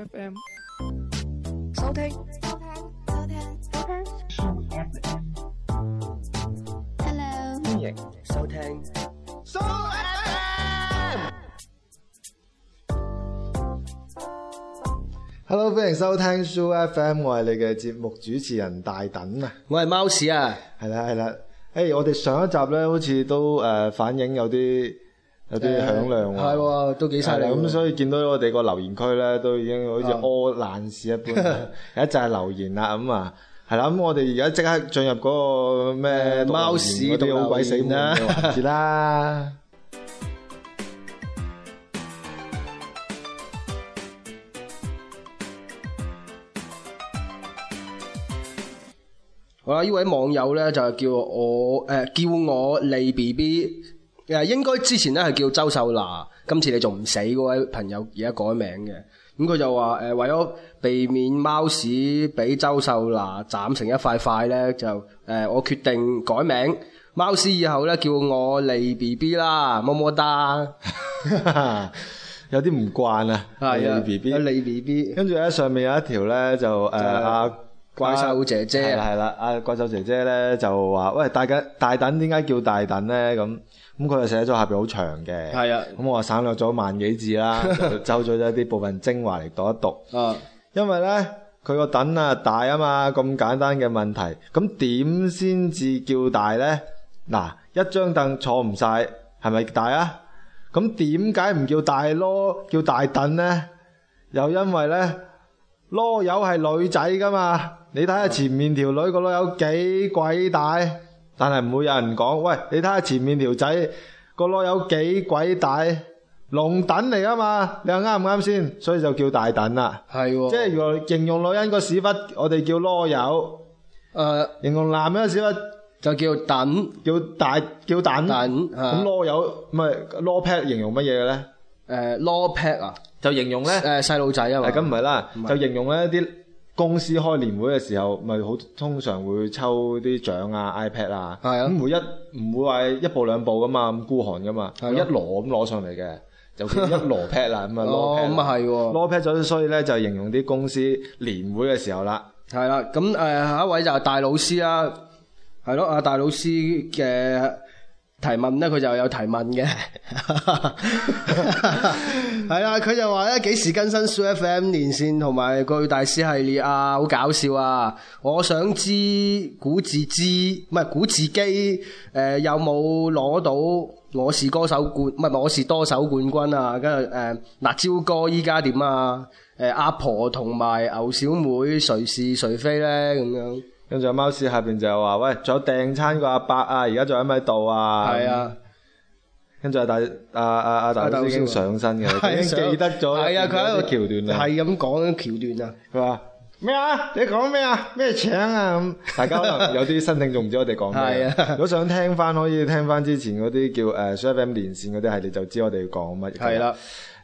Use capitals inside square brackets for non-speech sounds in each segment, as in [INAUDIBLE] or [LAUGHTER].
收聽，收聽，Hello，收聽，Soo FM。Hello，歡迎收聽 Soo FM，我係你嘅節目主持人大等貓啊，hey, 我係貓屎啊，係啦係啦，誒，我哋上一集咧，好似都誒反映有啲。有啲響亮喎，係喎，都幾犀利。咁所以見到我哋個留言區咧，都已經好似屙爛屎一般，一就係留言啦。咁啊，係啦。咁我哋而家即刻進入嗰個咩貓屎，好鬼死滿啦。好啦，呢位網友咧就叫我誒叫我利 B B。誒，應該之前咧係叫周秀娜，今次你仲唔死嗰位朋友而家改名嘅，咁、嗯、佢就話誒，為咗避免貓屎俾周秀娜斬成一塊塊咧，就誒，我決定改名貓屎以後咧叫我利 B B 啦，麼麼噠， [LAUGHS] 有啲唔慣啊，係啊，利 B B，跟住咧上面有一條咧就誒阿、就是啊、怪獸姐姐係啦、啊，阿怪獸姐姐咧就話喂，大吉大等，點解叫大等咧咁？啊咁佢就寫咗下邊好長嘅，咁我省略咗萬幾字啦，就抽咗一啲部分精華嚟讀一讀。嗯，因為咧，佢個凳啊大啊嘛，咁簡單嘅問題，咁點先至叫大咧？嗱，一張凳坐唔晒，係咪大啊？咁點解唔叫大囉，叫大凳咧？又因為咧，囉柚係女仔噶嘛，你睇下前面條女個囉柚幾鬼大。但係唔會有人講，喂！你睇下前面條仔個籮柚幾鬼大，龍躉嚟啊嘛。你話啱唔啱先？所以就叫大躉啦。係是的 即係如果形容女人個屎忽，我哋叫籮柚，誒、呃，形容男人嘅屎忽就叫蛋，叫大叫蛋。蛋。咁籮柚，唔係籮 pad 形容乜嘢嘅咧？誒、呃，籮 pad 啊，就形容咧誒細路仔啊嘛。咁唔係啦，是就形容一啲。公司開年會嘅時候，咪好通常會抽啲獎啊 iPad 啊，咁唔的會一唔會話一步兩步㗎嘛，咁孤寒噶嘛，的一攞咁攞上嚟嘅，就一攞 pad 啦，咁啊攞 pad 咁啊係喎，攞 pad 咗，所以咧就形容啲公司年會嘅時候啦，係啦，咁誒、呃、下一位就係大老師啦，係咯，阿大老師嘅。提問咧，佢就有提問嘅， [LAUGHS] [LAUGHS] 係啦，佢就話咧幾時更新 SooFM 連線同埋《巨大師》系列啊，好搞笑啊！我想知古自知、呃，唔係古巨基誒有冇攞到我是歌手冠唔係我是多首冠軍啊？跟住誒辣椒哥依家點啊？誒、呃、阿婆同埋牛小妹誰是誰非咧？咁樣。跟住貓屎下邊就有話，喂，仲有訂餐個阿伯啊，而家仲喺咪度啊？係啊。跟住大阿阿阿大老師已經上身嘅，已經記得咗。係啊，佢喺度橋段啊。係咁講橋段啊。佢話咩啊？你講咩啊？咩請啊？咁大家有啲新聽眾唔知我哋講咩。係啊。如果想聽翻，可以聽翻之前嗰啲叫誒 FM 連線嗰啲係，你就知我哋要講乜。係啦。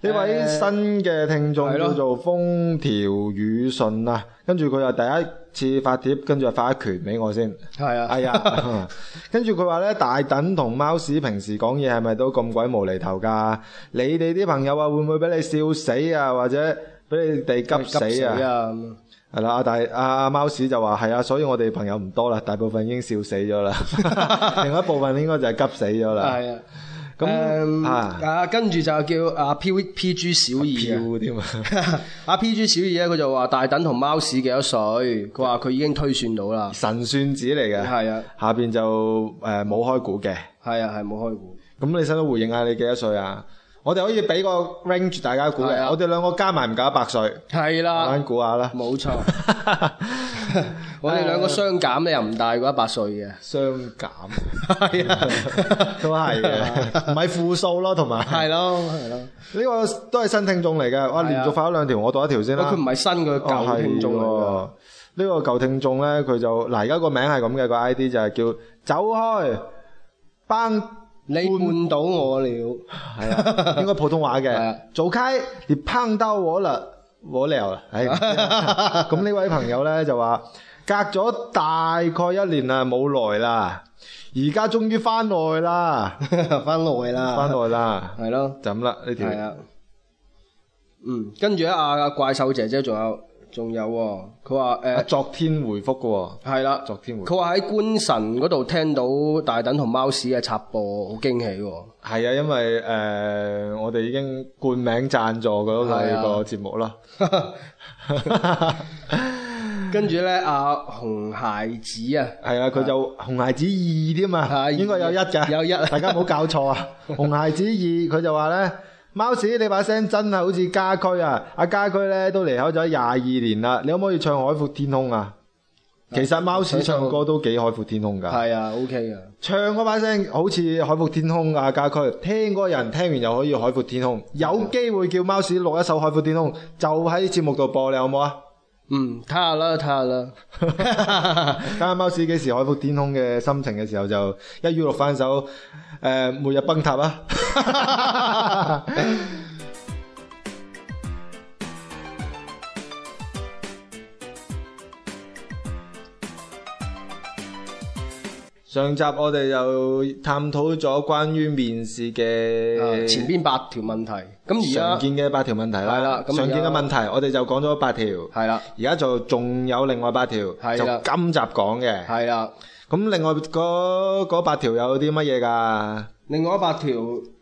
呢位新嘅聽眾叫做風調雨順啊，跟住佢又第一次發帖，跟住就發一拳俾我先。係啊，係啊。 [LAUGHS] 跟住佢話咧，大等同貓屎平時講嘢係咪都咁鬼無厘頭㗎？你哋啲朋友啊，會唔會俾你笑死啊？或者俾你哋急死啊？係啦、啊，阿大阿貓屎就話係啊，所以我哋朋友唔多啦，大部分已經笑死咗啦， [LAUGHS] [LAUGHS] 另外一部分應該就係急死咗啦。咁啊，跟住就叫阿 P P G 小二啊，阿 P G 小二咧，佢就話大等同貓屎幾多歲？佢話佢已經推算到啦，神算子嚟嘅。係啊，下邊就誒，冇開估嘅，係啊係冇開估。咁你想唔想回應下你幾多歲啊？我哋可以俾個 range 大家估嘅，我哋兩個加埋唔夠一百歲。係啦，慢慢估下啦。冇錯。我哋兩個相減，你又唔大過一百歲嘅，相減，係啊，都係嘅，咪負數咯，同埋係咯，係咯，呢個都係新聽眾嚟嘅，我連續發咗兩條，我讀一條先啦。佢唔係新嘅舊聽眾嚟嘅，呢個舊聽眾咧，佢就嗱而家個名係咁嘅，個 I D 就係叫走開，班你換到我了，係啊，應該普通話嘅，走溪，你碰兜我了。冇理由啦，唉，咁呢位朋友咧就話隔咗大概一年啦，冇來啦，而家終於翻來啦，翻來啦，翻來啦，係咯，就咁啦呢條。係啊，嗯，跟住啊怪獸姐姐仲有。仲有佢話誒，呃、昨天回覆嘅係啦，的昨天回佢話喺官神嗰度聽到大等同貓屎嘅插播，好驚喜嘅、哦。係啊，因為誒、呃，我哋已經冠名贊助咗佢個節目啦。跟住咧，阿、啊、紅孩子啊，係啊，佢就紅孩子二添啊，應該有一咋，有一，大家唔好搞錯啊。紅孩子二，佢 [LAUGHS] 就話咧。貓屎，Mouse, 你把聲真係好似家駒啊！阿家駒呢都離開咗廿二年啦，你可唔可以唱海闊天空啊？啊其實貓屎 Okay, 唱歌都幾海闊天空噶。係啊、yeah,，OK 啊。唱嗰把聲好似海闊天空啊。家駒，聽嗰人聽完又可以海闊天空。Yeah. 有機會叫貓屎錄一首海闊天空，就喺節目度播，你好唔好啊？嗯，睇下啦，睇下啦。睇下貓屎幾時海闊天空嘅心情嘅時候，就一於落翻手，誒，末日崩塌吧。上集我哋就探討咗關於面試嘅前邊八條問題，咁而家常見嘅八條問題啦，常見嘅問題我哋就講咗八條，係啦，而家就仲有另外八條，就今集講嘅，係啦。咁另外嗰嗰八條有啲乜嘢噶？另外八條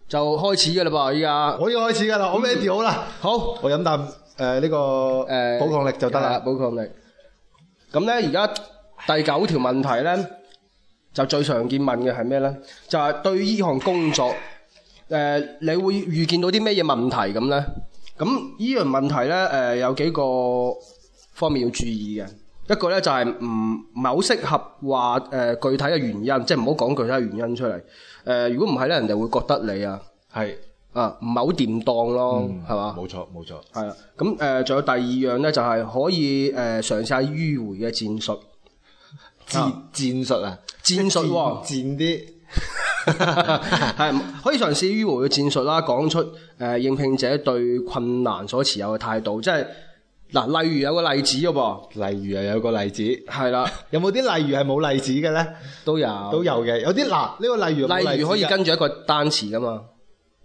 就開始噶啦噃，依家已經開始噶啦，我咩調好啦？好，我飲啖誒呢個誒，補抗力就得啦，補抗力。咁咧，而家第九條問題咧。就最常見問嘅係咩咧？就係、是、對於呢項工作，誒、呃，你會遇見到啲咩嘢問題咁咧？咁依樣，樣問題咧，誒、呃，有幾個方面要注意嘅。一個咧就係唔唔係好適合話誒、呃、具體嘅原因，即係唔好講具體嘅原因出嚟。誒、呃，如果唔係咧，人哋會覺得你啊，係是啊，唔係好掂當咯，係嘛、嗯？冇錯吧，冇錯。係啊，咁誒，仲、呃、有第二樣咧，就係、是、可以誒嘗試下迂迴嘅戰術。戰戰術啊，戰術，戰啲，係 [LAUGHS] [LAUGHS] 可以嘗試迂迴嘅戰術啦。講出誒、呃、應聘者對困難所持有嘅態度，即係嗱，例如有個例子嘅噃，例如又有個例子，係啦的。有冇啲例如係冇例子嘅咧？都有，都有嘅。有啲嗱，呢、啊這個例如例，例如可以跟住一個單詞噶嘛？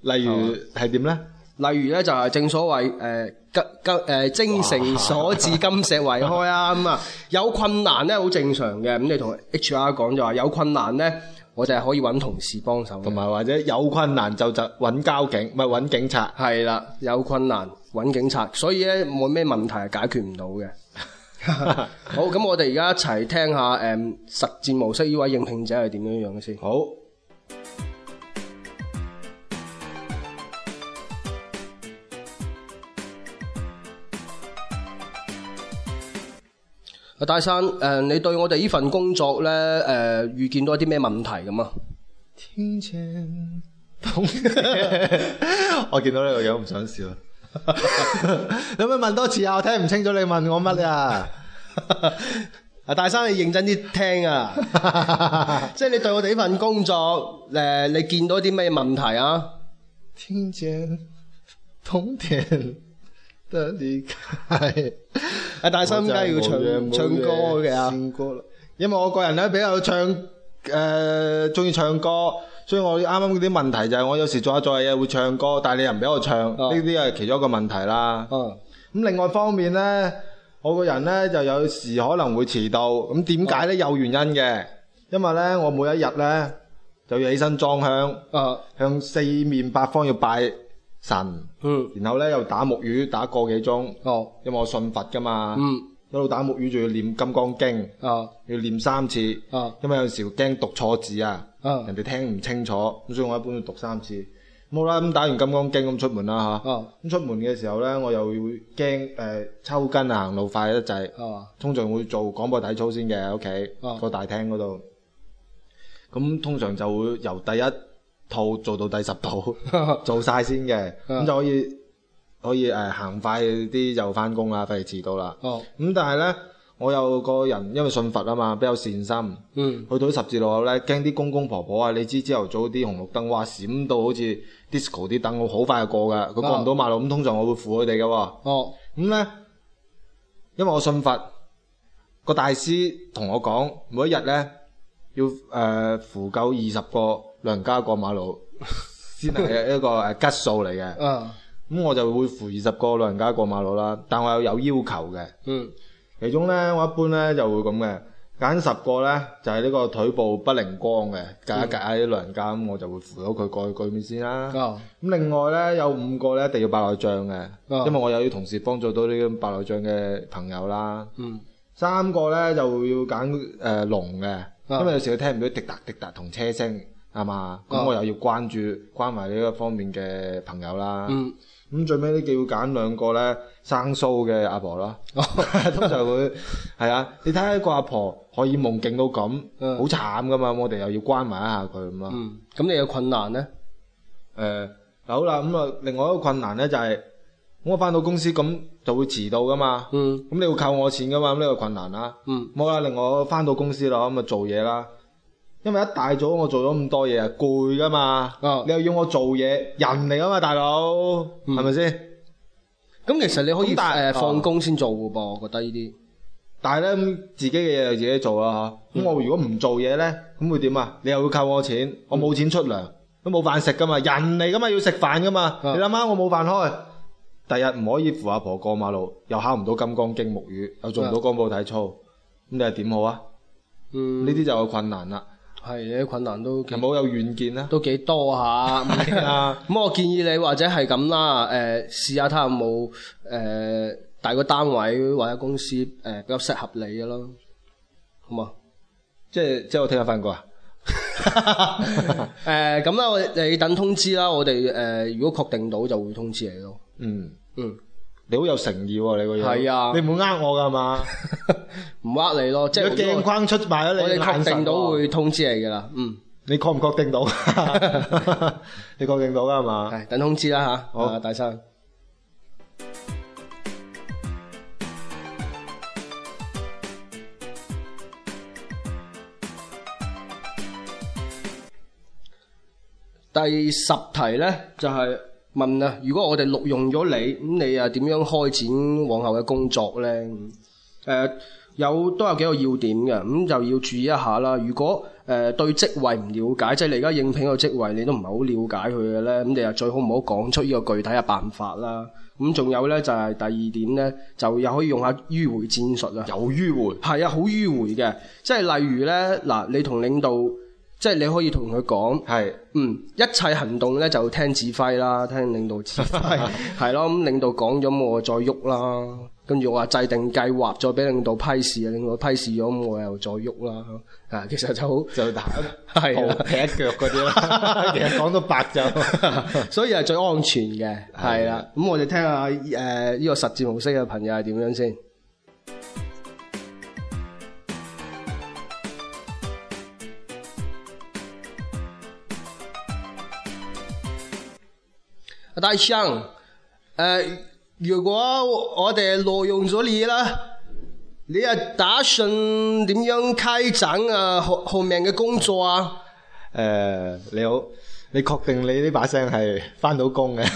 嗯、例如係點咧？例如咧就係正所謂，誒、金金、誒，精誠所至金石為開啊。咁啊有困難咧好正常嘅，咁你同 HR 講就話有困難咧我哋係可以揾同事幫手，同埋或者有困難就就揾交警唔係揾警察係啦，有困難揾警察。所以咧冇咩問題係解決唔到嘅。 [LAUGHS] 好，咁我哋而家一齊聽下誒實戰模式呢位應聘者係點樣樣嘅先。 [LAUGHS] 好。阿大生，誒、呃，你對我哋呢份工作咧，誒、呃，遇見到啲咩問題咁啊？聽見，通電 [LAUGHS] [LAUGHS] 我見到呢個樣唔想笑，有 [LAUGHS] 冇問多次啊？我聽唔清楚你問我乜啊？阿 [LAUGHS] 大生，你認真啲聽啊！ [LAUGHS] [LAUGHS] 即係你對我哋呢份工作，誒、呃，你見到啲咩問題啊？聽見，通電。得你係啊！大新家要唱唱歌嘅啊，因為我個人咧比較唱誒中意唱歌，所以我啱啱嗰啲問題就係我有時做下做下嘢會唱歌，但係你又唔俾我唱，呢啲係其中一個問題啦。咁、啊啊、另外方面呢，我個人呢就有時可能會遲到，咁點解呢？有原因嘅？因為呢，我每一日呢，就要起身裝香誒，啊、向四面八方要拜。神，然後咧又打木魚打個幾鐘，因為我信佛噶嘛，一路打木魚仲要念金剛經，要念三次，因為有陣時驚讀錯字啊，人哋聽唔清楚，咁所以我一般要讀三次，好啦，咁打完金剛經咁出門啦吓，咁出門嘅時候咧我又會驚誒抽筋啊，行路快得滯，通常會做廣播體操先嘅，喺屋企個大廳嗰度，咁通常就會由第一。套做到第十套，做晒先嘅咁 [LAUGHS] 就可以可以誒、啊、行快啲就翻工啦，費事遲到啦。咁、哦嗯、但係咧，我有個人因為信佛啊嘛，比較善心。嗯，去到十字路口咧，驚啲公公婆婆啊，你知朝頭早啲紅綠燈，哇閃到好似 disco 啲燈，我好快就過㗎。佢過唔到馬路，咁通常我會扶佢哋㗎喎。哦，咁咧、哦嗯，因為我信佛，個大師同我講，每一日咧要誒、呃、扶夠二十個。老人家過馬路先係一個誒吉數嚟嘅，咁、 [LAUGHS] 嗯嗯、我就會扶二十個老人家過馬路啦。但我又有要求嘅，嗯、其中咧我一般咧就會咁嘅，揀十個咧就係、是、呢個腿部不靈光嘅，隔一隔下啲老人家咁，嗯嗯、我就會扶到佢過去對面先啦。咁、嗯嗯、另外咧有五個咧一定要白內障嘅，嗯、因為我有啲同事幫助到啲白內障嘅朋友啦。嗯、三個咧就會要揀誒聾嘅，因為有時佢聽唔到滴答滴答同車聲。係嘛？咁我又要關注關懷呢個方面嘅朋友啦。咁、嗯、最尾都叫要揀兩個咧生疏嘅阿婆啦，通常會係啊！你睇下一個阿婆可以夢境到咁，好慘噶嘛！我哋又要關懷一下佢咁咯。咁、嗯、你有困難咧？誒、呃，嗱好啦，咁、嗯、啊，另外一個困難咧就係、是，我翻到公司咁就會遲到噶嘛。咁、嗯嗯、你要扣我錢噶嘛？咁、這、呢個困難啦。冇、嗯、啦，另外翻到公司、嗯、啦，咁啊做嘢啦。因為一大早我做咗咁多嘢啊，攰噶嘛，你又要我做嘢，人嚟噶嘛，大佬，係咪先？咁其實你可以誒放工先做嘅噃，我覺得呢啲。但係咧，自己嘅嘢就自己做啦吓。咁我如果唔做嘢咧，咁會點啊？你又要扣我錢，我冇錢出糧，都冇飯食噶嘛，人嚟噶嘛，要食飯噶嘛。你諗下，我冇飯開，第日唔可以扶阿婆過馬路，又考唔到金剛經木魚，又做唔到廣播體操，咁你係點好啊？呢啲就有困難啦。係，你啲困難都係冇有軟件啦，都幾多下。咁、嗯、啊，咁的、嗯、我建議你或者係咁啦，誒，試下睇下有冇誒、呃、大個單位或者公司誒、呃、比較適合你嘅咯。好嘛，即係即係我聽下返個啊。誒、 [LAUGHS] [LAUGHS] 呃，咁啊，你等通知啦。我哋誒、呃、如果確定到就會通知你咯、嗯。嗯嗯。你好有誠意喎，你個樣係啊！你唔會呃我噶嘛？唔呃你咯，即係鏡框出賣咗你。你肯定到會通知你噶啦？嗯，你確唔確定到？你確定到噶嘛？係等通知啦吓。好，大生。第十題咧就係。問呀，如果我哋錄用咗你，咁你又點樣開展往後嘅工作呢？誒、呃、有都有幾個要點嘅，咁就要注意一下啦。如果誒、呃、對職位唔了解，即係你而家應聘個職位，你都唔係好了解佢嘅呢，咁你啊最好唔好講出呢個具體嘅辦法啦。咁仲有呢，就係、是、第二點呢，就又可以用下迂迴戰術啦。有迂迴，係啊，好迂迴嘅，即係例如呢，嗱你同領導。即係你可以同佢講，是嗯，一切行動咧就聽指揮啦，聽領導指揮，係咯。 [LAUGHS] 咁領導講咗我再喐啦，跟住我話制定計劃再俾領導批示，領導批示咗咁我又再喐啦。啊，其實就好就打係啦踢一腳嗰啲啦。 [LAUGHS] 其實講到白就， [LAUGHS] 所以係最安全嘅。係啦，咁的我哋聽下誒呢、呃這個實戰模式嘅朋友係點樣先。大生，誒、呃，如果我哋錄用咗你啦，你係打算點樣開展啊後後面嘅工作啊？誒、呃，你好，你確定你呢把聲係返到工嘅？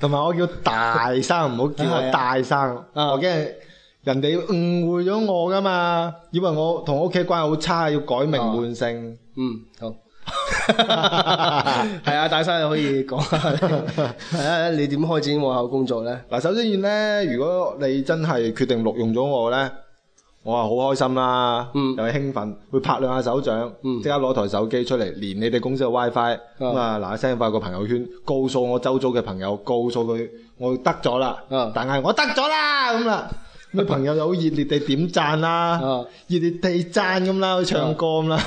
同埋我叫大生，唔好叫我大生， [LAUGHS] 啊、我驚人哋誤會咗我㗎嘛，以為我同我屋企關係好差，要改名換姓。嗯，好。係 [LAUGHS] [LAUGHS] 啊，大生可以講下咧、 [LAUGHS] 啊，你點開展幕後工作呢？嗱，首先呢，如果你真係決定錄用咗我呢，我啊好開心啦、啊，嗯，又係興奮，會拍兩下手掌，即、嗯、刻攞台手機出嚟連你哋公司嘅 WiFi，咁、嗯、啊嗱一聲發個朋友圈，告訴我周遭嘅朋友，告訴佢我得咗啦，嗯、但係我得咗啦咁啦，啲、嗯、朋友又好熱烈地點讚啦、啊，熱、嗯、烈地讚咁啦，去唱歌咁啦。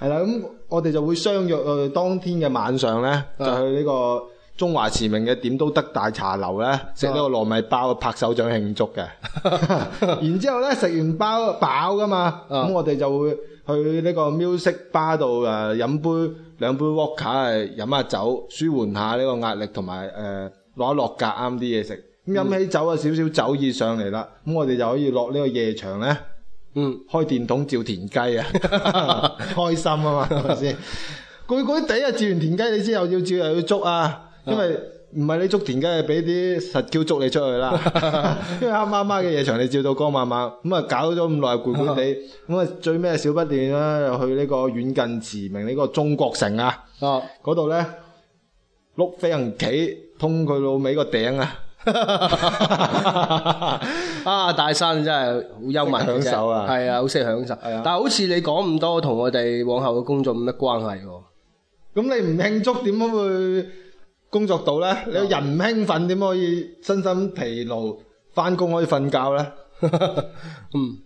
係啦，咁我哋就會相約誒，當天嘅晚上咧， [NOISE] 就去呢個中華馳名嘅點都德大茶樓咧，食呢、啊、個糯米包，拍手掌慶祝嘅。 [LAUGHS] [LAUGHS] 然之後咧，食完包飽噶嘛，咁、啊、我哋就會去呢個 music bar 度誒、呃，飲杯兩杯 vodka，係飲下酒，舒緩下呢個壓力，同埋誒攞落格啱啲嘢食。咁飲、嗯、起酒啊，少少，少少酒意上嚟啦，咁我哋就可以落呢個夜場咧。嗯，開電筒照田雞啊， [LAUGHS] 開心啊嘛 [LAUGHS] 攰攰哋啊，係咪先？攰嗰啲第照完田雞，你之後又要照又要捉啊，啊因為唔係你捉田雞，係俾啲實膠捉你出去啦。啊、因為黑麻麻嘅夜場，你照到光猛猛咁啊， [LAUGHS] 搞咗咁耐攰攰地，咁啊最尾小不亂啦、啊？又去呢個遠近馳名呢、這個中國城啊，嗰度咧碌飛行棋通佢老尾個頂啊！啊！大生真係好幽默，享受啊，係啊，好識享受。但係好似你講咁多，同我哋往後嘅工作冇乜關係喎。咁你唔慶祝，點樣會工作到呢？你人唔興奮，點可以身心疲勞？返工可以瞓覺呢？嗯，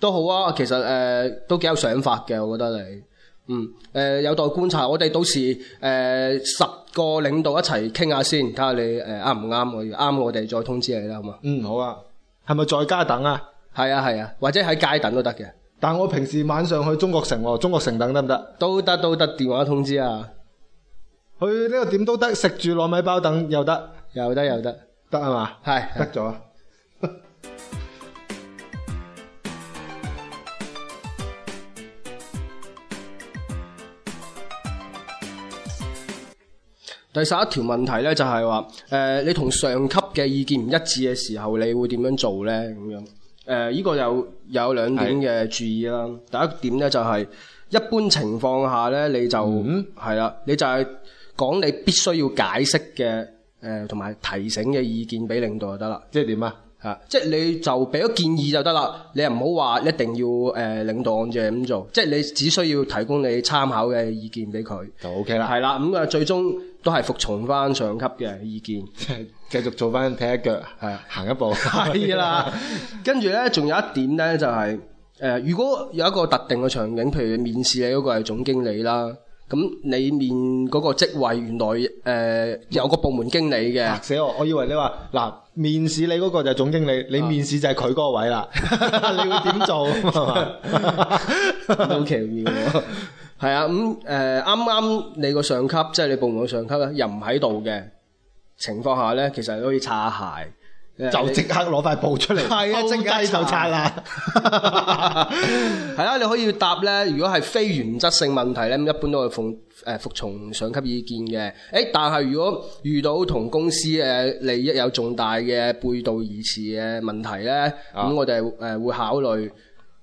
都好啊。其實誒，都幾有想法嘅，我覺得你。嗯，誒、呃、有待觀察，我哋到時誒、呃、十個領導一齊傾下先，睇下你誒啱唔啱我，啱我哋再通知你啦，好嘛？嗯，好啊，係咪在家等啊？係啊係啊，或者喺街等都得嘅。但我平時晚上去中國城喎，中國城等得唔得？都得都得，電話通知啊。去呢個點都得，食住糯米包等又得，又得又得，得係嘛？係，得咗。第十一條問題咧就係話，誒、呃、你同上級嘅意見唔一致嘅時候，你會點樣做咧？咁樣誒，依、這個有有兩點嘅注意啦。的第一點咧就係、是、一般情況下咧、嗯，你就係啦，你就係講你必須要解釋嘅誒同埋提醒嘅意見俾領導就得啦。即係點啊？嚇，即係你就俾咗建議就得啦。你又唔好話一定要誒、呃、領導按住咁做，即係你只需要提供你參考嘅意見俾佢就 OK 啦。係啦，咁、嗯、啊最終。都係服從翻上級嘅意見，繼續做翻踢一腳，係行一步。係啦，跟住呢，仲有一點呢，就係誒，如果有一個特定嘅場景，譬如面試你嗰個係總經理啦，咁你面嗰個職位原來誒有個部門經理嘅，嚇死我，我以為你話嗱，面試你嗰個就係總經理，你面試就係佢嗰個位啦，你會點做？好奇妙。係啊，咁誒啱啱你個上級，即係你部門嘅上級咧，又唔喺度嘅情況下呢，其實你可以擦下鞋，呃、就即刻攞塊布出嚟，係啊、欸，即刻就擦啦。係啊，你可以答呢，如果係非原則性問題呢，一般都係服誒服從上級意見嘅。誒、哎，但係如果遇到同公司誒利益有重大嘅背道而馳嘅問題呢，咁我哋誒會考慮。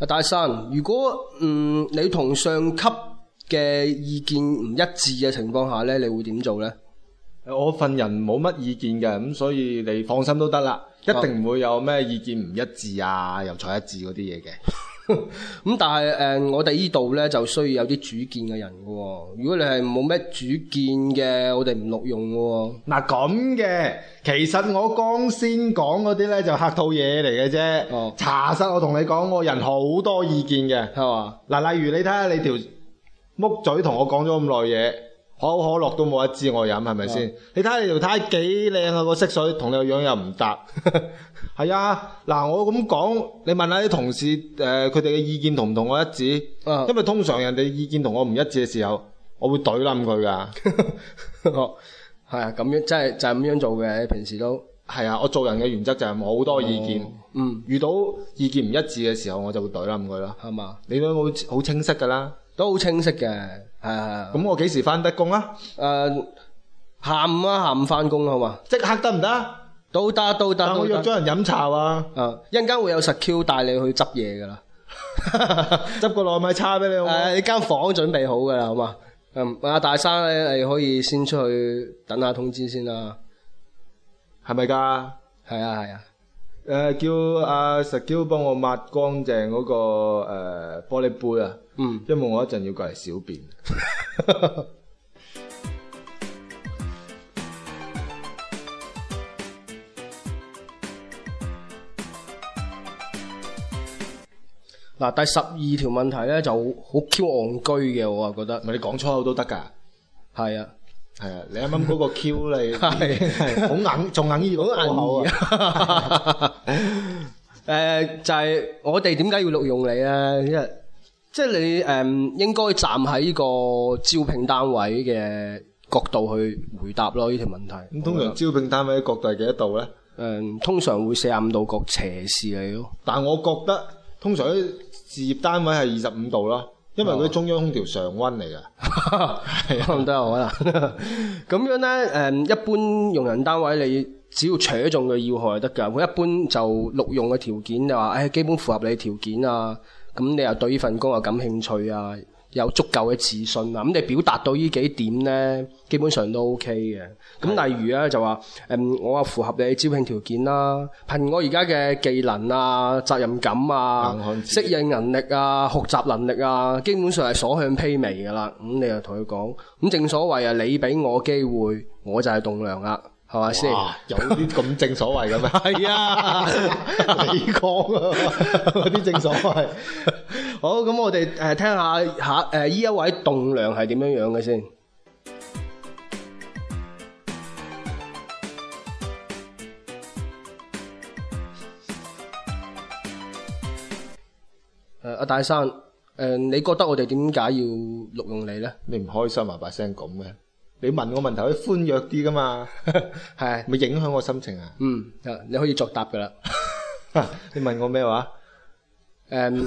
阿大生，如果嗯你同上級嘅意見唔一致嘅情況下呢，你會點做呢？我份人冇乜意見嘅，咁所以你放心都得啦，一定唔會有咩意見唔一致啊，又在一致嗰啲嘢嘅。 [LAUGHS] 咁、 [LAUGHS] 嗯、但係誒、嗯，我哋依度咧就需要有啲主見嘅人嘅、哦。如果你係冇咩主見嘅，我哋唔錄用嘅、哦。嗱咁嘅，其實我剛先講嗰啲咧就客套嘢嚟嘅啫。哦，查實我同你講，我人好多意見嘅。哦嗎，嗱、啊，例如你睇下你條木嘴同我講咗咁耐嘢。可可樂都冇一支我飲，係咪先？哦、你睇下你條胎幾靚 [LAUGHS] 啊！個色水同你個樣又唔搭，係啊！嗱，我咁講，你問下啲同事，誒、呃，佢哋嘅意見同唔同我一致？哦、因為通常人哋意見同我唔一致嘅時候，我會懟冧佢噶。 [LAUGHS] 哦，係啊，咁樣即係就係、是、咁樣做嘅，平時都係啊。我做人嘅原則就係冇好多意見。哦、嗯，遇到意見唔一致嘅時候，我就會懟冧佢咯，係嘛吧？你都好好清晰噶啦，都好清晰嘅。係係，咁、uh, 我幾時翻得工啊？誒，下午啦，下午翻工好嘛？即刻得唔得？都得，都得，我約咗人飲茶啊！啊，一陣間會有 Secure 帶你去執嘢噶啦，執個糯米叉俾你。誒，uh, 你間房準備好噶啦，好嘛？嗯，阿大生咧，你可以先出去等下通知先啦，係咪噶？係啊，係啊。誒，uh, 叫阿 Secure 幫我抹乾淨嗰個誒、uh, 玻璃杯啊。嗯，因為我一陣要過嚟小便。嗱，第十二條問題咧就好 Q 憨居嘅，我啊覺得愧愧，我哋講粗口都得噶。係是啊，係啊，你啱啱嗰個 Q 嚟，好 [LAUGHS] 是、啊、硬，仲硬於講硬口啊。誒，就係我哋點解要錄用你啊？因為即係你誒、嗯，應該站喺呢個招聘單位嘅角度去回答咯呢條問題。咁通常招聘單位嘅角度係幾多度咧？誒、嗯，通常會四十五度角斜視你咯。但係我覺得通常啲事業單位係二十五度咯，因為佢中央空調常温嚟噶，咁都有可能。咁樣咧，誒、嗯，一般用人單位你只要扯中個要害就得噶。佢一般就錄用嘅條件就話，誒、哎，基本符合你條件啊。咁你又對呢份工又感興趣啊，有足夠嘅自信啊，咁你表達到呢幾點呢，基本上都 OK 嘅。咁的例如呢就話，誒、嗯、我啊符合你招聘條件啦、啊，憑我而家嘅技能啊、責任感啊、的適應能力啊、學習能力啊，基本上係所向披靡噶啦。咁你又同佢講，咁正所謂啊，你俾我機會，我就係棟梁啦。係咪先？哇位有啲咁正所謂嘅咩？係 [LAUGHS] 啊，你講啊，啲正所謂。好，咁我哋誒聽下下誒呢一位棟梁係點樣樣嘅先。誒，阿、 [MUSIC] 啊、大生，誒，你覺得我哋點解要錄用你呢咧？你唔開心啊？把聲咁嘅。你問我問題可以寬裕啲噶嘛？係咪影響我心情啊？嗯，你你可以作答噶啦。你問我咩話？誒，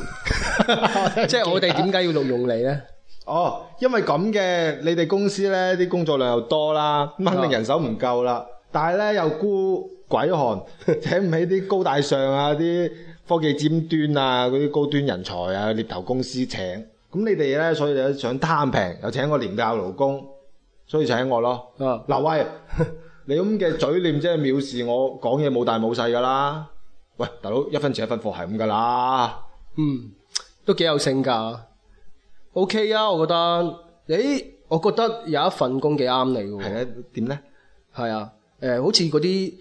即係我哋點解要錄用你咧？哦，因為咁嘅，你哋公司咧啲工作量又多啦，咁肯定人手唔夠啦。但係咧又孤鬼寒，請唔起啲高大上啊啲科技尖端啊嗰啲高端人才啊，獵頭公司請。咁你哋咧，所以想貪平，又請個廉價勞工。所以請我咯。嗱威！你咁嘅嘴臉即係藐視我講嘢冇大冇細噶啦。喂，大佬，一分錢一分貨係咁噶啦。嗯，都幾有性格 OK 啊，我覺得。咦、欸，我覺得有一份工幾啱你噶。係咧？點咧？係啊。誒、啊欸，好似嗰啲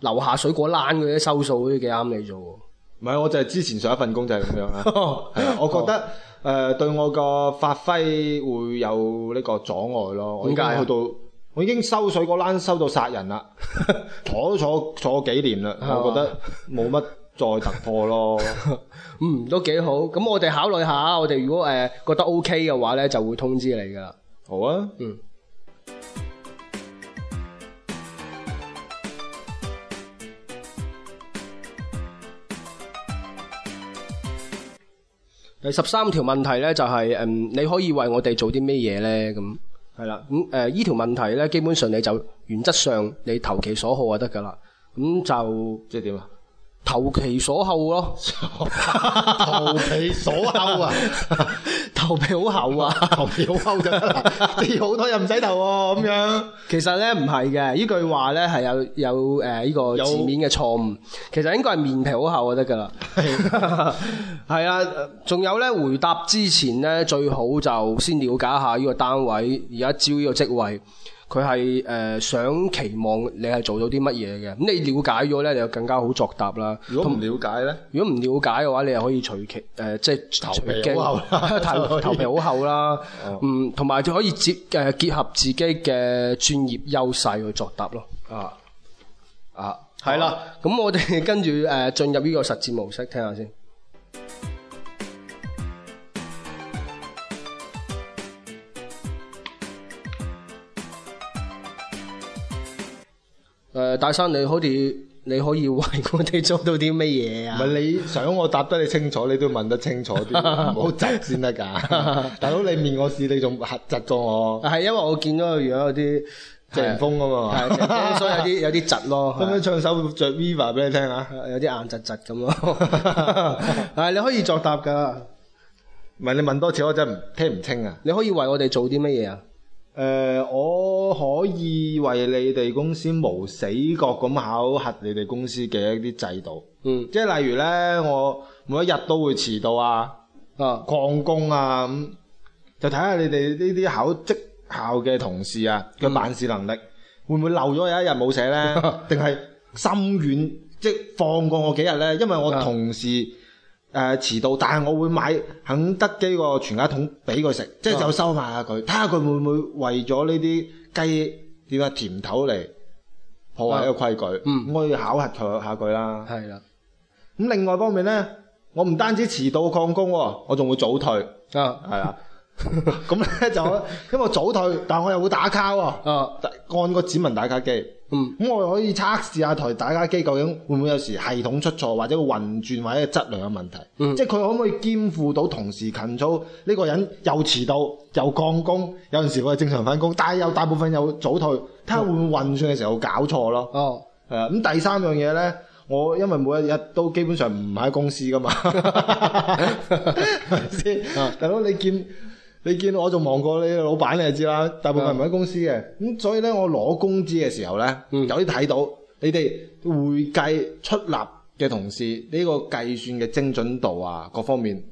樓下水果欄嗰啲收數嗰啲幾啱你做。唔係，我就係之前上一份工就係咁樣啦。 [LAUGHS] 係啊，我覺得誒、 [LAUGHS] 呃，對我個發揮會有呢個阻礙咯。點解去到？我已經收水個欄收到殺人啦， [LAUGHS] 坐都坐坐幾年啦， [LAUGHS] 我覺得冇乜再突破咯。 [LAUGHS] 嗯，都幾好。咁我哋考慮下，我哋如果誒、呃、覺得 OK 嘅話咧，就會通知你噶啦。好啊，嗯。第十三條問題呢，就係，嗯，你可以為我哋做啲咩嘢呢？咁係啦，咁、呃、誒，呢條問題呢，基本上你就原則上你投其所好就得噶啦，咁、嗯、就即係點啊？投其所好咯所， [LAUGHS] 投其所好啊！ [LAUGHS] [LAUGHS] 頭皮好厚啊！ [LAUGHS] 頭皮好厚就得㗎啦。好多人唔使頭喎、啊，咁樣。其實咧唔係嘅，依句話咧係有有誒依個字面嘅錯誤。有其實應該係面皮好厚就得㗎啦。係 [LAUGHS] [LAUGHS] 啊，仲 [LAUGHS] 有咧，回答之前咧最好就先了解下呢個單位而家招呢個職位。佢係誒想期望你係做到啲乜嘢嘅，咁你了解咗咧，你就更加好作答啦。如果唔了解咧，如果唔了解嘅話，你就可以隨其誒、呃，即係頭皮好厚啦， [LAUGHS] 頭皮好厚啦， [LAUGHS] 嗯，同埋就可以接誒結合自己嘅專業優勢去作答咯。啊啊，係、啊啊、啦，咁、啊、我哋跟住誒、呃、進入呢個實戰模式，聽，聽下先。大生，你好似你可以為我哋做到啲乜嘢啊？唔係你想我答得你清楚，你都問得清楚啲，唔好窒先得㗎。 [LAUGHS] 大佬，你面我試，你仲窒窒咗我。係 [LAUGHS] 因為我見到個樣有啲勁風啊嘛，所以有啲有啲窒咯。咁樣唱首著 Viva 俾你聽啊？有啲硬窒窒咁咯。係你可以作答㗎。唔係你問多次，我真係聽唔清啊。你可以為我哋做啲乜嘢啊？誒、呃，我可以為你哋公司無死角咁考核你哋公司嘅一啲制度，嗯，即係例如呢：我每一日都會遲到啊，啊，曠工啊咁，就睇下你哋呢啲考績效嘅同事啊嘅、嗯、辦事能力會唔會漏咗有一日冇寫呢？定係心軟即放過我幾日呢？因為我同事。啊誒、呃、遲到，但係我會買肯德基個全家桶俾佢食，即係就收埋下佢，睇下佢會唔會為咗呢啲雞點解甜頭嚟破壞一個規矩，啊、我要考核佢下佢啦。係啦的，咁另外方面咧，我唔單止遲到曠工，我仲會早退，係啦、啊，咁咧就因為早退，但係我又會打卡喎，啊、按個指紋打卡機。咁、嗯、我又可以測試下台打卡機究竟會唔會有時系統出錯，或者個運轉或者質量嘅問題。嗯、即係佢可唔可以兼顧到同時勤早呢個人又遲到又曠工，有陣時我係正常翻工，但係有大部分有早退，睇下會唔會運算嘅時候搞錯咯。哦，係啊。咁第三樣嘢咧，我因為每一日都基本上唔喺公司噶嘛，係咪先大佬你見？你見我仲忙過你個老闆，你就知啦。大部分唔喺公司嘅咁，嗯、所以呢，我攞工資嘅時候呢，嗯、有啲睇到你哋會計出納嘅同事呢、呢個計算嘅精準度啊，各方面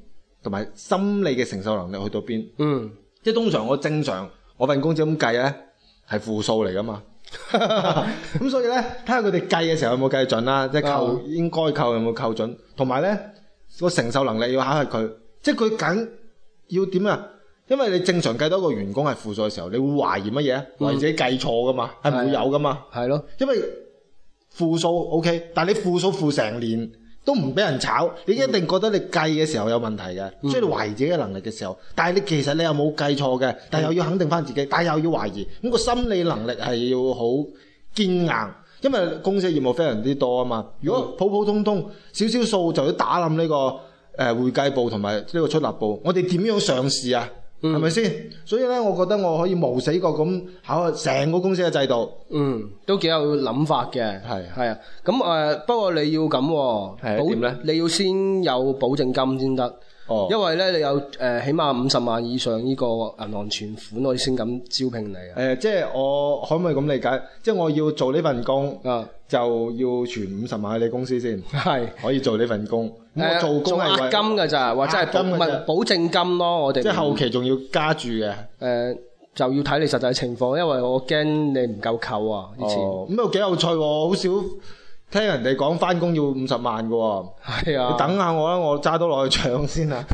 同埋心理嘅承受能力去到邊。嗯，即係通常我正常我份工資咁計呢，係負數嚟噶嘛。咁、 [LAUGHS] 嗯、 [LAUGHS] 所以呢，睇下佢哋計嘅時候有冇計準啦、啊，即係扣、嗯、應該扣有冇扣準，同埋呢個承受能力要考下佢。即係佢緊要點啊？因為你正常計多一個員工係負數嘅時候，你會懷疑乜嘢啊？懷疑自己計錯噶、嗯、嘛？係唔會有噶嘛？係咯，因為負數 OK，但係你負數負成年都唔俾人炒，嗯、你一定覺得你計嘅時候有問題嘅，嗯、所以你懷疑自己嘅能力嘅時候。但係你其實你又冇計錯嘅，但係又要肯定翻自己，嗯、但係又要懷疑。咁、那個心理能力係要好堅硬，因為公司嘅業務非常之多啊嘛。如果普普通通少少數，就要打冧呢、這個誒、呃、會計部同埋呢個出納部，我哋點樣上市啊？係咪先？所以咧，我覺得我可以無死角咁考成個公司嘅制度，嗯，都幾有諗法嘅，係係啊。咁誒、呃，不過你要咁，係，保，點樣呢？你要先有保證金先得。哦，因為咧，你有誒、呃、起碼五十萬以上呢個銀行存款，我先敢招聘你。誒、呃，即係我可唔可以咁理解？即係我要做呢份工啊，呃、就要存五十萬喺你公司先。係是可以做呢份工。呃、我做工押金㗎咋，或者係保保證金咯。我哋即係後期仲要加住嘅。誒、呃，就要睇你實際情況，因為我驚你唔夠扣啊以前。咁都幾有趣喎！好少。聽人哋講返工要五十萬嘅，係啊，是啊，你等下我啦，我揸多落去搶先啦 [LAUGHS] 。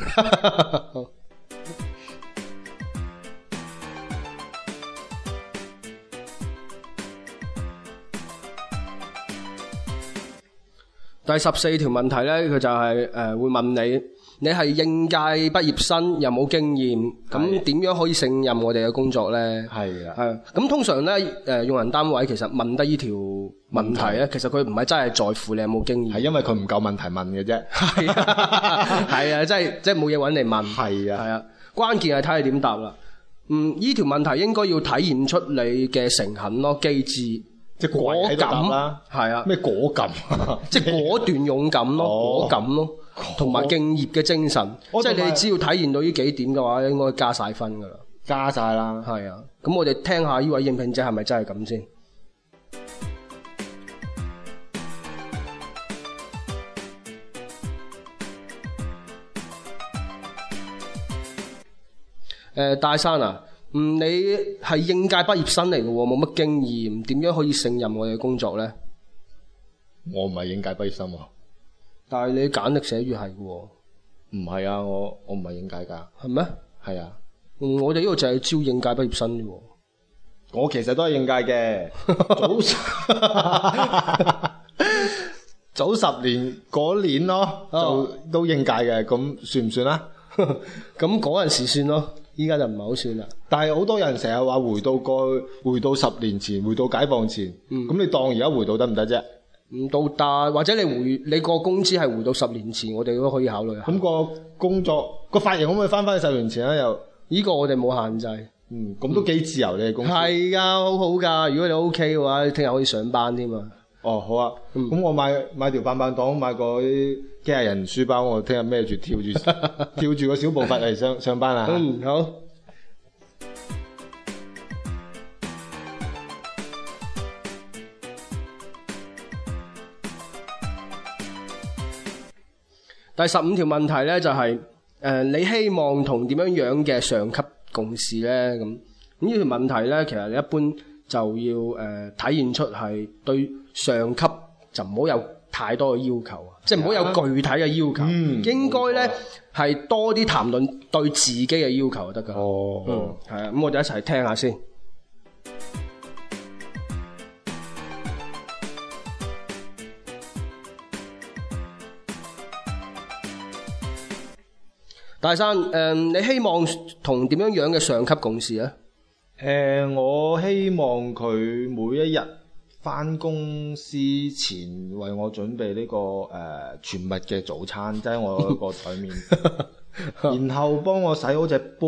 第十四條問題咧，佢就係、是、誒、呃、會問你。你係應屆畢業生，又冇經驗，咁點樣可以勝任我哋嘅工作呢？係啊是的，係咁通常呢，誒用人單位其實問得呢條問題咧，題其實佢唔係真係在乎你有冇經驗，係因為佢唔夠問題問嘅啫。係啊， [LAUGHS] 係啊，即係即係冇嘢揾你問。係啊，係啊，關鍵係睇你點答啦。嗯，呢條問題應該要體現出你嘅誠懇咯、機智、即果敢啦。係啊，咩果敢？即係果斷、勇敢咯，果敢咯。同埋敬業嘅精神，好即係你只要體現到呢幾點嘅話，有應該加晒分噶啦，加晒啦。係有、呃、啊，咁我哋聽下呢位應聘者係咪真係咁先？誒，大生啊，嗯，你係應屆畢業生嚟嘅，冇乜經驗，點樣可以勝任我哋嘅工作呢？我唔係應屆畢業生，啊。但係你簡歷寫住係喎，唔係啊，我我唔係應屆㗎，係咩？係啊，我哋呢度就係招應屆畢業生嘅喎，我其實都係應屆嘅，早 [LAUGHS] 早十年嗰 [LAUGHS] 年，年咯，uh oh. 就都應屆嘅，咁算唔算啊？咁嗰陣時算咯，依家就唔係好算啦。但係好多人成日話回到過去，回到十年前，回到解放前，咁、嗯、你當而家回到得唔得啫？唔到達，或者你回你個工資係回到十年前，我哋都可以考慮啊。咁個工作個髮型可唔可以翻翻去十年前咧？又呢個我哋冇限制。嗯，咁都幾自由你嘅工資。係啊，好好噶。如果你 OK 嘅話，你聽日可以上班添嘛。哦，好啊。咁、嗯、我買買條棒棒糖，買個機械人書包，我聽日孭住跳住 [LAUGHS] 跳住個小步伐嚟上上班啊。嗯，好。第十五條問題呢、就係，就、呃、係，誒你希望同點樣樣嘅上級共事呢？咁、嗯？呢條問題呢，其實你一般就要誒體現出係對上級就唔好有太多嘅要求啊，即係唔好有具體嘅要求，應該呢係多啲談論對自己嘅要求就得噶。哦嗯。嗯，係啊，咁我哋一齊聽下先。大生，誒、嗯，你希望同點樣樣嘅上級共事啊？誒、呃，我希望佢每一日返公司前為我準備呢、這個誒、呃、全麥嘅早餐，即、就、係、是、我個台面， [LAUGHS] 然後幫我洗好隻杯，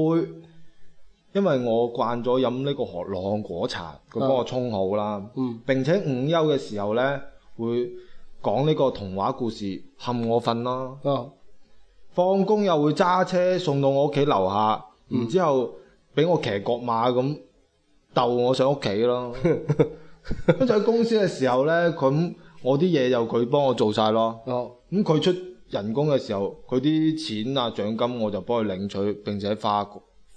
因為我慣咗飲呢個荷朗果茶，佢幫我沖好啦。嗯，並且午休嘅時候呢，會講呢個童話故事，冚我瞓咯。嗯放工又會揸車送到我屋企樓下，然之後俾我騎角馬咁逗我上屋企咯。在 [LAUGHS] [LAUGHS] 公司嘅時候呢，咁我啲嘢，由佢幫我做晒咯。哦，咁佢出人工嘅時候，佢啲錢啊獎金，我就幫佢領取並且花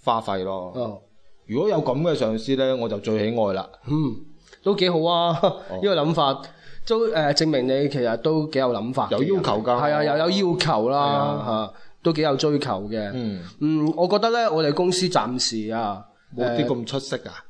花費咯。哦，如果有咁嘅上司呢，我就最喜愛啦。嗯，都幾好啊，呢、哦、個諗法。都誒證明你其實都幾有諗法，有要求㗎，係啊，又有要求啦嚇，都幾有追求嘅。嗯，嗯，我覺得呢，我哋公司暫時啊冇啲咁出色啊，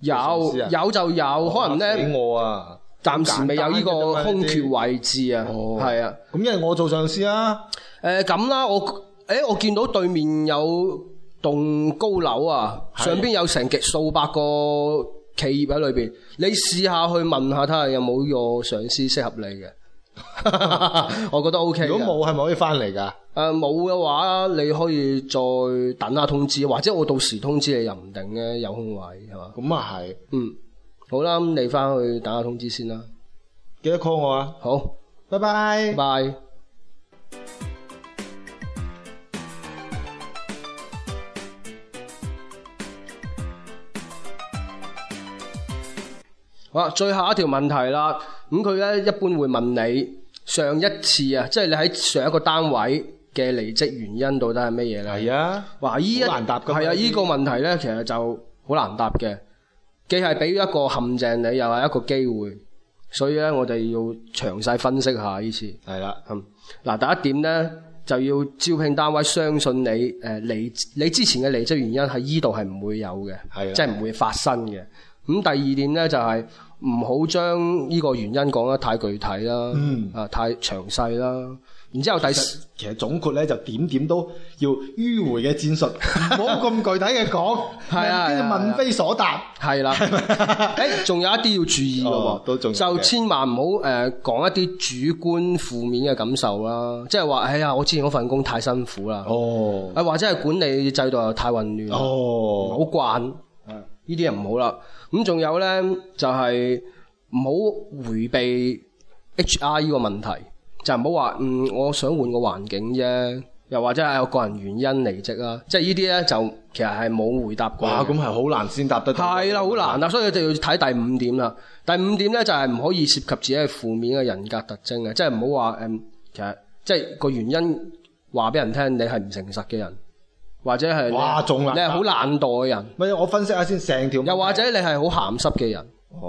有有就有，可能呢，我啊，暫時未有呢個空缺位置啊，係啊。咁因為我做上司啊，誒咁啦，我誒我見到對面有棟高樓啊，上邊有成極數百個。企業喺裏邊，你試下去問下睇下有冇個上司適合你嘅， [LAUGHS] 我覺得 OK。如果冇係咪可以翻嚟噶？誒、呃，冇嘅話，你可以再等下通知，或者我到時通知你又唔定嘅，有空位係嘛？咁啊係，嗯，嗯，好啦，你翻去等下通知先啦，記得 call 我啊，好，拜拜 bye，拜。好，最後一條問題啦，咁佢咧一般會問你上一次啊，即係你喺上一個單位嘅離職原因到底係乜嘢咧？係啊，哇，依一難答嘅係啊，依、這個問題咧，其實就好難答嘅，既係俾一個陷阱你，又係一個機會，所以咧，我哋要詳細分析下呢次。係啦、啊，嗱、嗯，第一點咧就要招聘單位相信你，誒、呃，你你之前嘅離職原因喺依度係唔會有嘅，啊、即係唔會發生嘅。咁第二點咧就係唔好將呢個原因講得太具體啦，嗯、啊太詳細啦。然之後第四其，其實總括咧就點點都要迂回嘅戰術，唔好咁具體嘅講，跟住、 [LAUGHS] 啊、問非所答。係啦、啊，誒，仲有一啲要注意嘅喎，哦、都就千萬唔好誒講一啲主觀負面嘅感受啦，即係話哎呀，我之前嗰份工太辛苦啦，誒、哦、或者係管理制度又太混亂，好慣。呢啲又唔好啦，咁仲有呢，就係唔好回避 H R 呢個問題，就唔好話，嗯，我想換個環境啫，又或者係有個人原因離職啦，即係呢啲呢，就其實係冇回答過。哇！咁係好難先答得到。係啦，好難啊，所以就要睇第五點啦。第五點呢，就係唔可以涉及自己嘅負面嘅人格特徵嘅，即係唔好話，嗯，其實即係個原因話俾人聽你係唔誠實嘅人。或者係你，你好懶惰嘅人。唔係，我分析下先，成條。又或者你係好鹹濕嘅人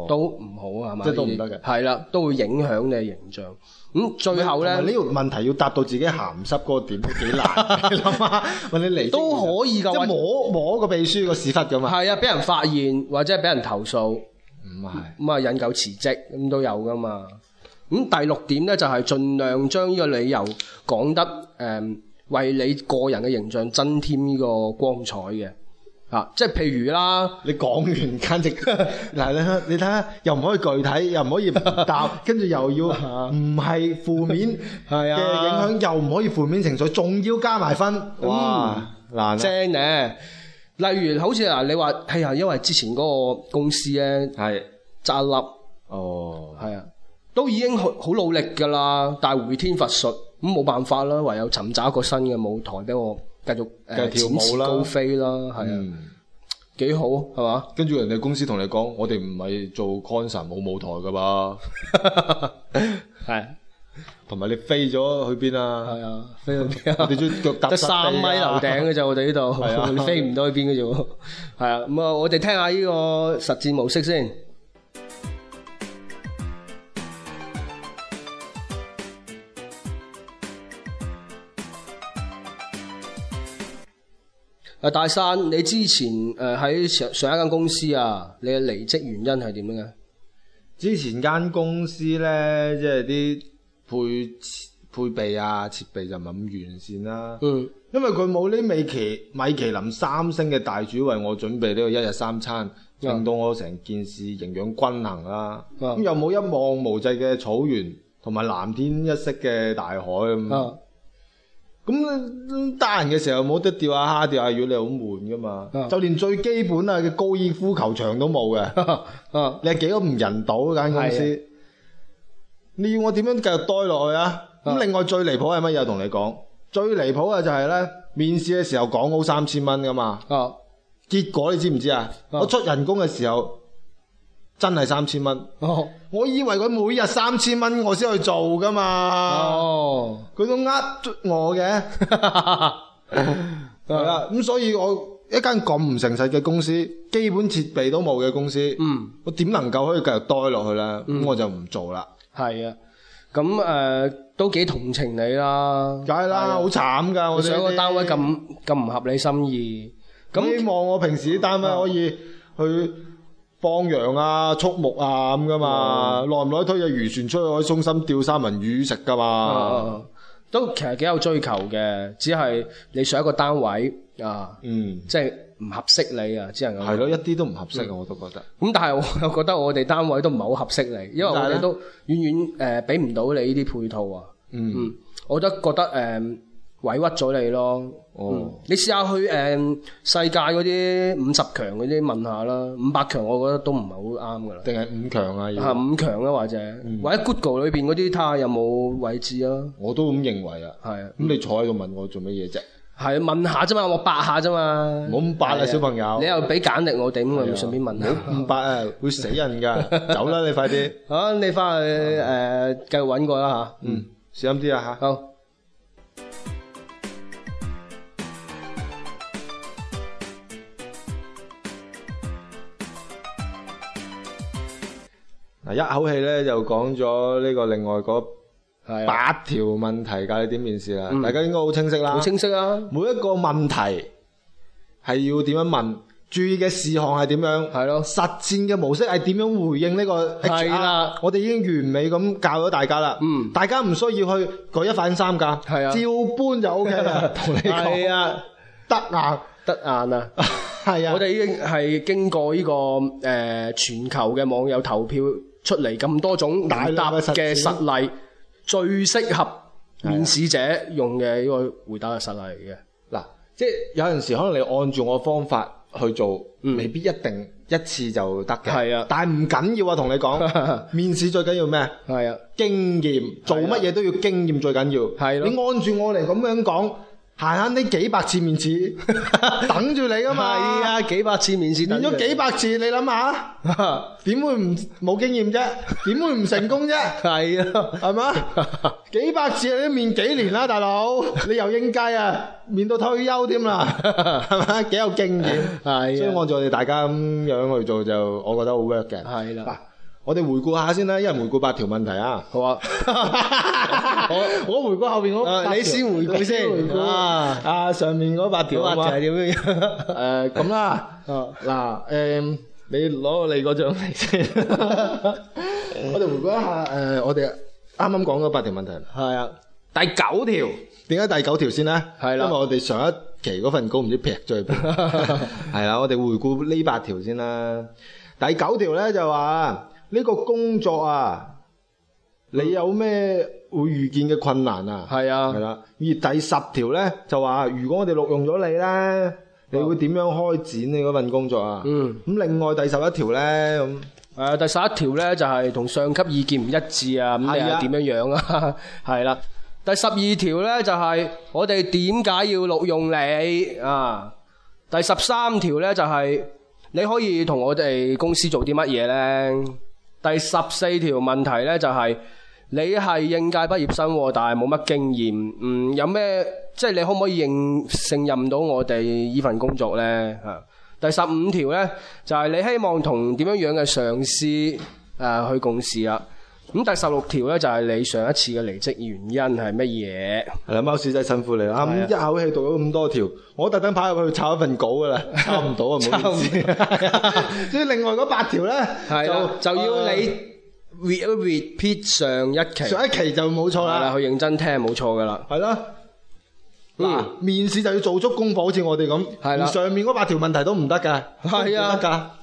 都唔好，係咪？即係都唔得嘅。係啦，都會影響你嘅形象。咁最後咧，呢個問題要答到自己鹹濕嗰個點都幾難。你諗下，喂，你嚟都可以噶，即係摸摸個秘書個屎忽噶嘛。係啊，俾人發現或者俾人投訴，唔係，咁啊，引咎辭職咁都有噶嘛。咁第六點咧，就係盡量將呢個理由講得誒。為你個人嘅形象增添呢個光彩嘅，啊，即係譬如啦，你講完簡直嗱你你睇下，又唔可以具體，又唔可以答，跟住又要唔係負面，係啊，嘅影響，又唔可以負面情緒，仲要加埋分，哇，難啊，正咧，例如好似嗱，你話係啊，因為之前嗰個公司咧係執笠，哦，係啊，都已經好努力噶啦，但係回天乏術。咁冇辦法啦，唯有尋找一個新嘅舞台俾我繼續跳舞啦。高飛啦，係啊，嗯、幾好係嘛？跟住人哋公司同你講，我哋唔係做 concert 冇舞台噶噃，係 [LAUGHS] 的。同埋你飛咗去邊啊？係啊，飛到邊啊？ [LAUGHS] 你隻腳踏得三米樓頂嘅啫，我哋呢度，飛唔到去邊嘅啫。係啊，咁啊，我哋聽下呢個實戰模式先。誒，大山，你之前誒喺、呃、上上一間公司啊，你嘅離職原因係點樣嘅？之前間公司呢，即係啲配、配備啊，設備就唔係咁完善啦。嗯。因為佢冇呢米其米其林、三星嘅大廚為我準備呢個一日三餐，令到我成件事營養均衡啦、啊。咁、嗯、又冇一望無際嘅草原同埋藍天一色嘅大海咁。嗯嗯咁得閒嘅時候冇得釣下蝦，釣下魚，你好悶噶嘛？Uh huh. 就連最基本啊嘅高爾夫球場都冇嘅，uh huh. uh huh. 你係幾多唔人道間公司？Yeah. 你要我點樣繼續呆落去啊？咁、uh huh. 另外最離譜係乜嘢？我同你講，最離譜嘅就係呢：面試嘅時候講好三千蚊噶嘛，uh huh. 結果你知唔知啊？Uh huh. 我出人工嘅時候。真係三千蚊，我以為佢每日三千蚊，我先去做噶嘛，佢都呃咗我嘅，係啦，咁所以我一間咁唔誠實嘅公司，基本設備都冇嘅公司，我點能夠可以繼續待落去呢？咁我就唔做啦。係啊，咁誒都幾同情你啦，梗係啦，好慘噶，我想個單位咁咁唔合理心意，希望我平時啲單位可以去。放羊啊、畜牧啊咁噶嘛，耐唔耐推隻漁船出去，海中心釣三文魚食噶嘛，嗯？都其實幾有追求嘅，只係你上一個單位啊，嗯，即係唔合適你啊，只能咁。係咯，一啲都唔合適，嗯，我都覺得。咁，嗯、但係我又覺得我哋單位都唔係好合適你，因為我哋都遠遠誒俾唔到你呢啲配套啊。嗯，嗯，我都覺得誒。呃委屈咗你咯，你試下去誒世界嗰啲五十強嗰啲問下啦，五百強我覺得都唔係好啱噶啦，定係五強啊？嚇五強啊，或者或者 Google 裏邊嗰啲睇下有冇位置啊？我都咁認為啊。係咁，你坐喺度問我做乜嘢啫？係問下啫嘛，我八下啫嘛。唔好八啦，小朋友。你又俾簡歷我頂，咁我順便問下。五百啊，會死人㗎！走啦，你快啲。好，你翻去誒繼續揾過啦嚇。嗯，小心啲啊嚇。好。一口氣咧就講咗呢個另外嗰八條問題，教你點面試啦，大家應該好清晰啦。好清晰啊！每一個問題係要點樣問，注意嘅事項係點樣？係咯。實戰嘅模式係點樣回應呢個？係啦，我哋已經完美咁教咗大家啦。嗯，大家唔需要去舉一反三噶。係啊，照搬就 O K 啦。同你講啊，得硬得硬啊，係啊，我哋已經係經過呢個誒全球嘅網友投票。出嚟咁多種回答嘅實例，實最適合面試者用嘅呢的個回答嘅實例嚟嘅。嗱，即係有陣時可能你按住我方法去做，嗯、未必一定一次就得嘅。係啊的，但係唔緊要啊，同你講， [LAUGHS] 面試最緊要咩啊？係啊的，經驗，做乜嘢都要經驗最緊要。係的你按住我嚟咁樣講。行行呢幾百次面試，等住你㗎嘛？依家、 [LAUGHS] 啊、幾百次面試，練咗幾百次，你諗下，點會唔冇經驗啫？點會唔成功啫？係 [LAUGHS] 啊，係嘛吧？ [LAUGHS] 幾百次你都面幾年啦，大佬，你又應屆啊，面到退休添啦，係嘛？ [LAUGHS] 幾有經驗？ [LAUGHS] 啊、所以按照我哋大家咁樣去做，就我覺得好 work 嘅。係啦、啊。我哋回顧下先啦，一人回顧八條問題啊！好啊，我回顧後邊嗰，你先回顧先回顧啊！啊，上面嗰八條啊，就係點樣？誒，咁啦，嗱，誒，你攞你嗰張嚟先。我哋回顧一下，誒，我哋啱啱講嗰八條問題，係啊，第九條，點解第九條先咧？係啦，因為我哋上一期嗰份稿唔知劈咗。係啦，我哋回顧呢八條先啦。第九條咧就話。呢個工作啊，你有咩會遇見嘅困難啊？係啊，係啦、啊。而第十條呢，就話，如果我哋錄用咗你呢，你會點樣開展你嗰份工作啊？嗯。咁、嗯、另外第十一條呢，咁、嗯、誒、呃，第十一條呢，就係、是、同上級意見唔一致啊，咁、嗯、你又點樣樣啊？係啦、啊 [LAUGHS] 啊。第十二條呢，就係、是、我哋點解要錄用你啊？第十三條呢，就係、是、你可以同我哋公司做啲乜嘢呢？第十四條問題呢，就係、是、你係應屆畢業生，但係冇乜經驗，嗯，有咩即係你可唔可以認勝任到我哋呢份工作呢？嚇、啊，第十五條呢，就係、是、你希望同點樣樣嘅上司誒去共事啦、啊。咁第十六條咧就係你上一次嘅離職原因係乜嘢？係啦，貓屎仔辛苦你啦，咁一口氣讀咗咁多條，我特登跑入去抄一份稿噶啦，抄唔到啊！冇意思！即係另外嗰八條咧，係就要你 repeat 上一期，上一期就冇錯啦，去啦，認真聽冇錯噶啦，係咯，嗱面試就要做足功課，好似我哋咁，唔上面嗰八條問題都唔得噶，係啊，噶。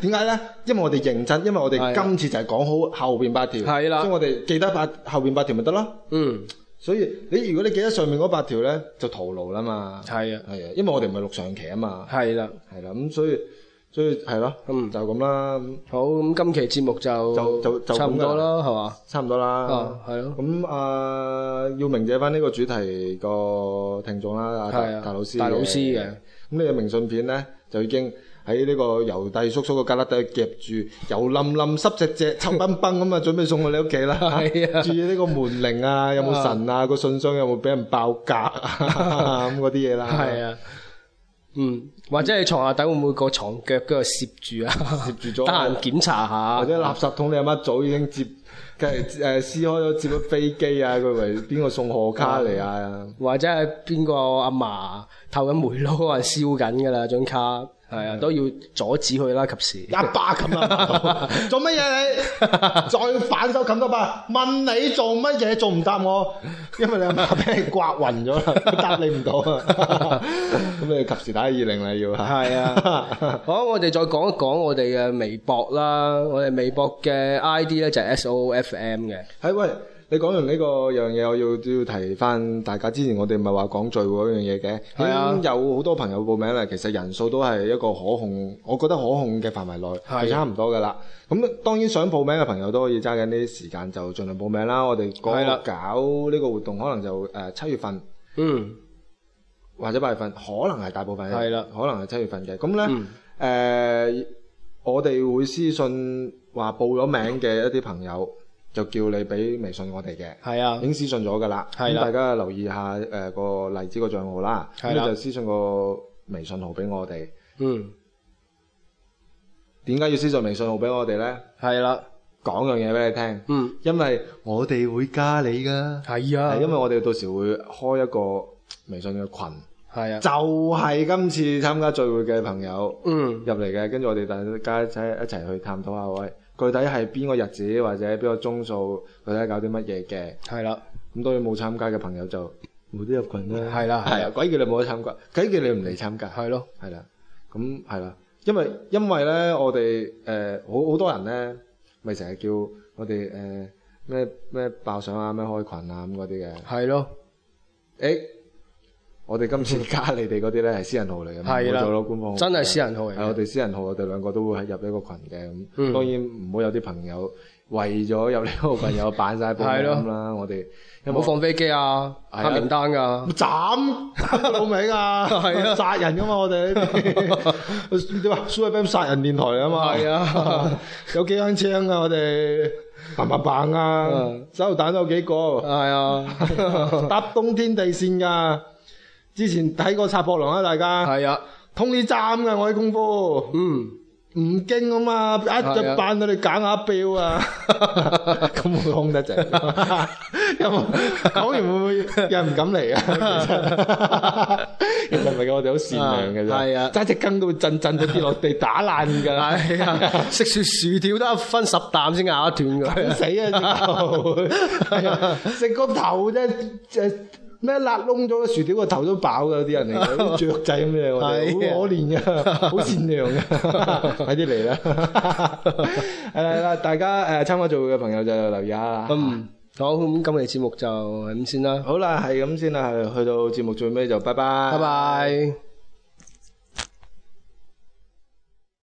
點解咧？因為我哋認真，因為我哋今次就係講好後邊八條，咁我哋記得八後邊八條咪得咯。嗯，所以你如果你記得上面嗰八條咧，就徒勞啦嘛。係啊，係啊，因為我哋唔係錄上期啊嘛。係啦，係啦，咁所以所以係咯，就咁啦。好，咁今期節目就就就差唔多啦，係嘛，差唔多啦。啊，係咯。咁啊，要鳴謝翻呢個主題個聽眾啦，啊大老師，大老師嘅。咁呢個明信片咧，就已經。喺呢個郵遞叔叔個旮旯底夾住，油冧冧濕只只，臭崩崩咁啊！準備送去你屋企啦。係啊，注意呢個門鈴啊，有冇神啊？個 [LAUGHS] 信箱有冇俾人爆格咁嗰啲嘢啦。係 [LAUGHS] 啊， [LAUGHS] 嗯，或者係床下底會唔會個床腳嗰度攝住啊？攝住咗，得閒檢查下。 [LAUGHS] 或者垃圾桶你阿媽早已經接，跟住誒撕開咗，接咗飛機啊？佢為邊個送賀卡嚟啊？或者係邊個阿嫲透緊煤爐啊，燒緊噶啦張卡。 [LAUGHS] 係啊，都要阻止佢啦，及時。一巴撳啦， [LAUGHS] 做乜嘢你？再反手撳多巴，問你做乜嘢？仲唔答我？因為你阿媽俾人刮暈咗答你唔到啊。咁你及時打二零啦，要。係啊， [LAUGHS] 好，我哋再講一講我哋嘅微博啦。我哋微博嘅 I D 咧就係 S O F M 嘅。係喂。你講完呢個樣嘢，我要要提翻大家。之前我哋唔係話講聚會嗰樣嘢嘅，的已經有好多朋友報名啦。其實人數都係一個可控，我覺得可控嘅範圍內係的差唔多噶啦。咁當然想報名嘅朋友都可以揸緊呢啲時間就盡量報名啦。我哋講的搞呢個活動可能就誒七、呃、月份，嗯，或者八月份，可能係大部分係啦，的可能係七月份嘅咁咧。誒、嗯呃，我哋會私信話報咗名嘅一啲朋友。就叫你俾微信我哋嘅，係啊，已經私信咗噶啦。咁大家留意下誒個荔枝個賬號啦，咁就私信個微信號俾我哋。嗯，點解要私信微信號俾我哋咧？係啦，講樣嘢俾你聽。嗯，因為我哋會加你噶，係啊，因為我哋到時會開一個微信嘅群，係啊，就係今次參加聚會嘅朋友入嚟嘅，跟住我哋大家一齊一齊去探討下喂。具體係邊個日子或者邊個鐘數？具體搞啲乜嘢嘅？係啦的。咁當然冇參加嘅朋友就冇得入群啦。係啦，係。鬼叫你冇得參加，鬼叫你唔嚟參加。係咯、嗯，係啦。咁係啦，因為因為咧，我哋誒、呃、好好多人咧，咪成日叫我哋誒咩咩爆相啊，咩開群啊咁嗰啲嘅。係咯。誒的。誒我哋今次加你哋嗰啲咧係私人號嚟嘅，冇做攞官方真係私人號嚟。我哋私人號，我哋兩個都會喺入一個群嘅。當然唔好有啲朋友為咗有呢個朋友扮曬保咁啦。我哋有冇放飛機啊，黑名單㗎，斬老尾㗎，係啊，殺人㗎嘛！我哋你話 SooFM 殺人電台啊嘛，係啊，有幾槍槍啊？我哋，棒啊，手榴彈有幾個，係啊，搭通天地線㗎。之前睇過拆破狼啦，大家係啊，通啲針嘅我啲功夫，嗯，唔驚啊嘛，一直扮到你揀下表啊，咁 [LAUGHS] 會空得滯，又講完會唔會又唔敢嚟啊？其實唔係 [LAUGHS] 我哋好善良嘅啫，係啊，揸、啊、隻隻羹都會震震咗跌落地打爛噶，食條、啊啊、薯條都分十啖先咬斷噶，啊死啊！食、 [LAUGHS] 啊、個頭啫，就、呃。咩辣燶咗嘅薯條個頭都飽嘅，有啲人嚟嘅， [LAUGHS] 雀仔咁樣，好 [LAUGHS] 可憐嘅、啊，好善良嘅、啊，快啲嚟啦！係啦，大家誒參加聚會嘅朋友就留意下啦。嗯， [LAUGHS] 好咁，今日節目就咁先啦。好啦，係咁先啦，去到節目最尾就拜拜，拜拜。